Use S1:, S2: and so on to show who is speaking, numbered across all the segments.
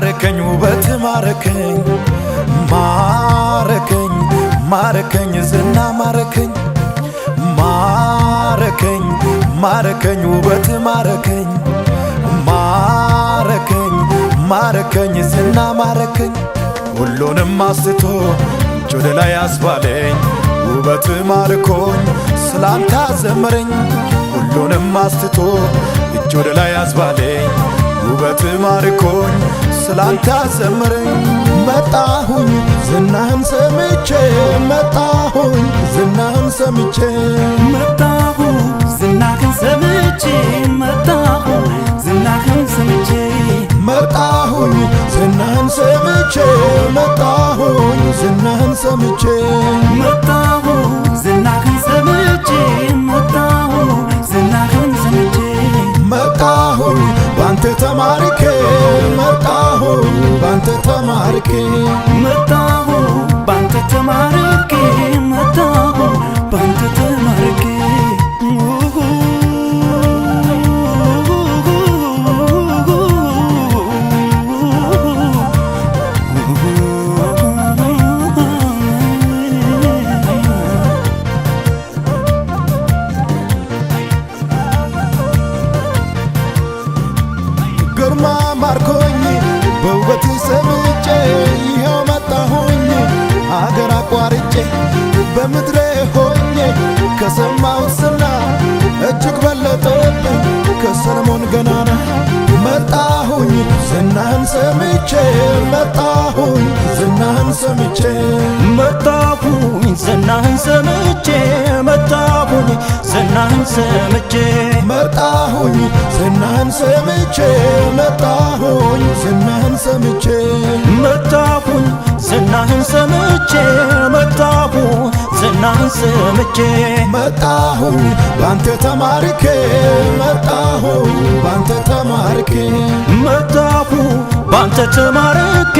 S1: ማረከኝ ውበት ማረከኝ ማረከኝ ማረከኝ ዝና ማረከኝ ማረከኝ ማረከኝ ውበት ማረከኝ ማረከኝ ማረከኝ ዝና ማረከኝ ሁሉንም አስቶ እጅ ወደ ላይ አስባለኝ ውበት ማርኮኝ ስላንታ ዘመረኝ ሁሉንም አስቶ እጅ ወደ ላይ አስባለኝ ውበት ማርኮኝ ስላንታ አዘመረኝ መጣሁኝ ዝናህን ሰምቼ መጣሁኝ ዝናህን ሰምቼ
S2: መጣሁ ዝናህን ሰምቼ መጣሁ ዝናህን ሰምቼ
S1: መጣሁኝ ዝናህን ሰምቼ መጣሁኝ ዝናህን ሰምቼ ባንተ ተማርኬ መጣሁ ባንተ ተማርኬ
S2: መጣሁ ባንተ ተማርኬ መጣሁ ባንተ ተማርኬ
S1: ግርማ ማርኮኝ በውበት ሰምጬ ይኸው መጣሁኝ አገር አቋርጬ በምድሬ ሆኜ ከሰማሁት ስና እጅግ በለጠብኝ ከሰለሞን ገናና መጣሁኝ ዝናህን ሰምቼ መጣሁኝ ዝናህን ሰምቼ
S2: መጣሁኝ ዝናህን ሰምቼ መጣሁኝ ዝናህን ሰምቼ
S1: መጣሁኝ ዝናህን ሰምቼ መጣሁኝ ዝናህን ሰምቼ
S2: መጣሁኝ ዝናህን ሰምቼ መጣሁ ዝናህን ሰምቼ
S1: መጣሁኝ ባንተ ተማርኬ መጣሁኝ ባንተ ተማርኬ
S2: መጣሁ ባንተ ተማርኬ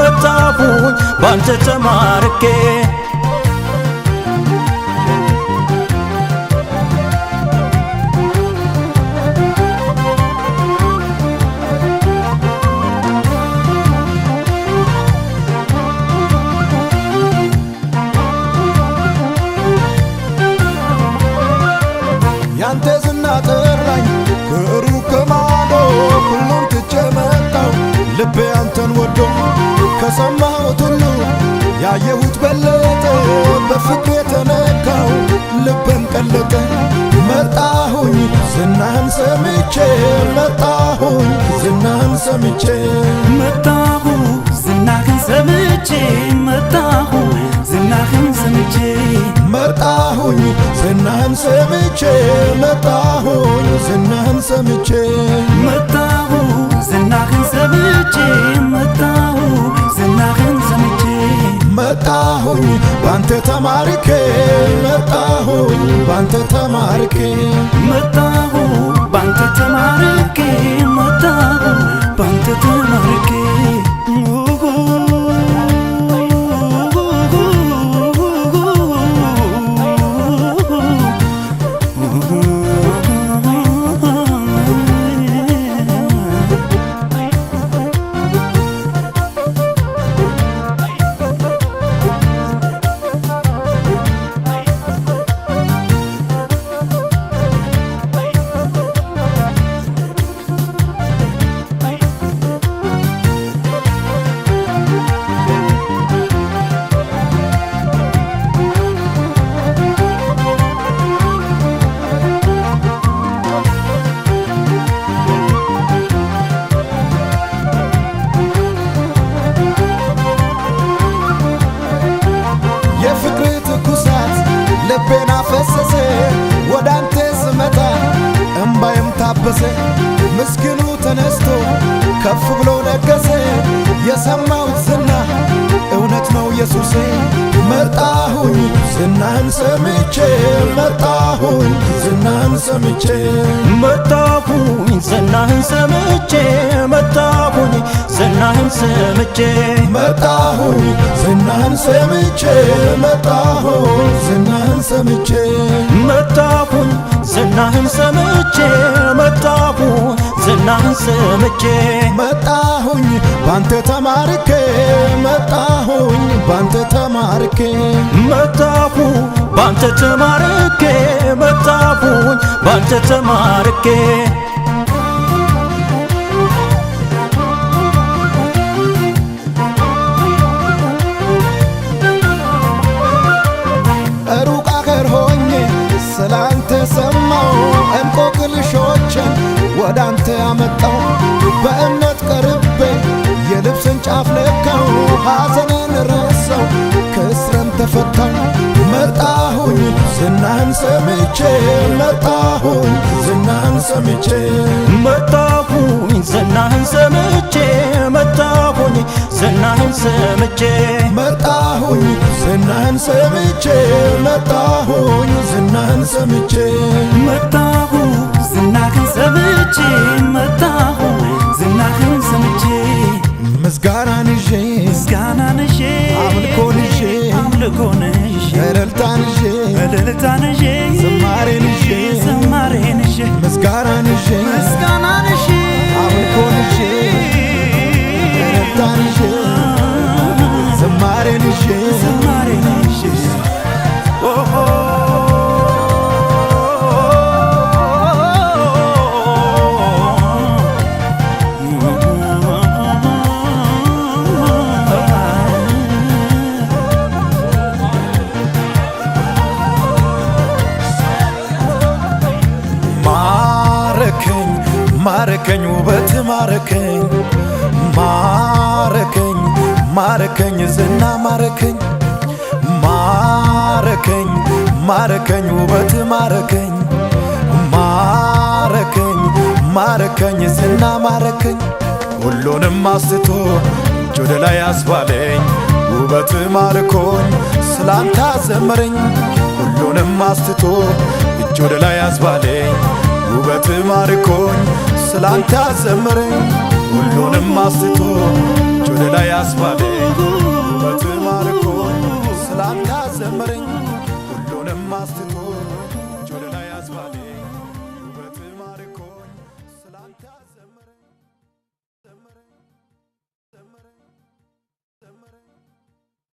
S2: መጣሁኝ ባንተ ተማርኬ
S1: አንተን ወዶ ከሰማሁት ሁሉ ያየሁት በለጠ በፍቅር የተነካው ልቤም ቀለጠ። መጣሁኝ ዝናህን ሰምቼ መጣሁኝ ዝናህን ሰምቼ
S2: መጣሁ ዝናህን ሰምቼ መጣሁ ዝናህን ሰምቼ
S1: መጣሁኝ ዝናህን ሰምቼ መጣሁኝ ዝናህን ሰምቼ
S2: መጣሁ ዝናህን ሰምቼ
S1: ባንተ ተማርኬ መጣሁ ባንተ ተማርኬ
S2: መጣሁ ባንተ ተማርኬ መጣሁ ባንተ ተማርኬ
S1: ታበሰ ምስኪኑ ተነስቶ ከፍ ብሎ ነገሰ። የሰማሁት ዝና እውነት ነው ኢየሱሴ። መጣሁኝ ዝናን ሰምቼ መጣሁኝ ዝናን ሰምቼ
S2: መጣሁኝ ዝናን ሰምቼ መጣሁኝ ዝናን ሰምቼ
S1: መጣሁኝ ዝናን ሰምቼ መጣሁኝ ዝናን ሰምቼ
S2: መጣሁኝ ዝናህን ሰምቼ መጣሁ ዝናህን ሰምቼ
S1: መጣሁኝ ባንተ ተማርኬ መጣሁኝ ባንተ ተማርኬ
S2: መጣሁ ባንተ ተማርኬ መጣሁኝ ባንተ ተማርኬ
S1: ዝናህን ሰምቼ መጣሁ ዝናን ሰምቼ
S2: መጣሁኝ ዝናህን ሰምቼ መጣሁኝ ዝናህን ሰምቼ
S1: መጣሁኝ ዝናህን ሰምቼ መጣሁኝ ዝናን ሰምቼ
S2: መጣሁ ዝናህን ሰምቼ መጣሁ ዝናን ሰምቼ
S1: ምስጋናን ይዤ
S2: ምስጋናን ይዤ አምልኮን አምልኮን እልልታን ይዤ
S1: ዝማሬን ይዤ
S2: ዝማሬን ምስጋና
S1: ምስጋናን ይዤ
S2: ምስጋናን ይዤ
S1: አምልኮን ይዤ እልልታን ይዤ ዝማሬን ይዤ ማረከኝ ውበት ማረከኝ ማረከኝ ማረከኝ ዝና ማረከኝ ማረከኝ ማረከኝ ውበት ማረከኝ ማረከኝ ማረከኝ ዝና ማረከኝ ሁሉንም አስቶ እጅ ወደ ላይ አስባለኝ ውበት ማርኮኝ ስላንታ ዘመረኝ ሁሉንም አስቶ እጅ ወደ ላይ አስባለኝ ውበት ማርኮኝ ስላንተ አዘመረኝ ሁሉንም አስቶ ጆሮ ላይ አስባለ ውበት ማርኮኝ ስላንተ አዘመረኝ ሁሉንም አስቶ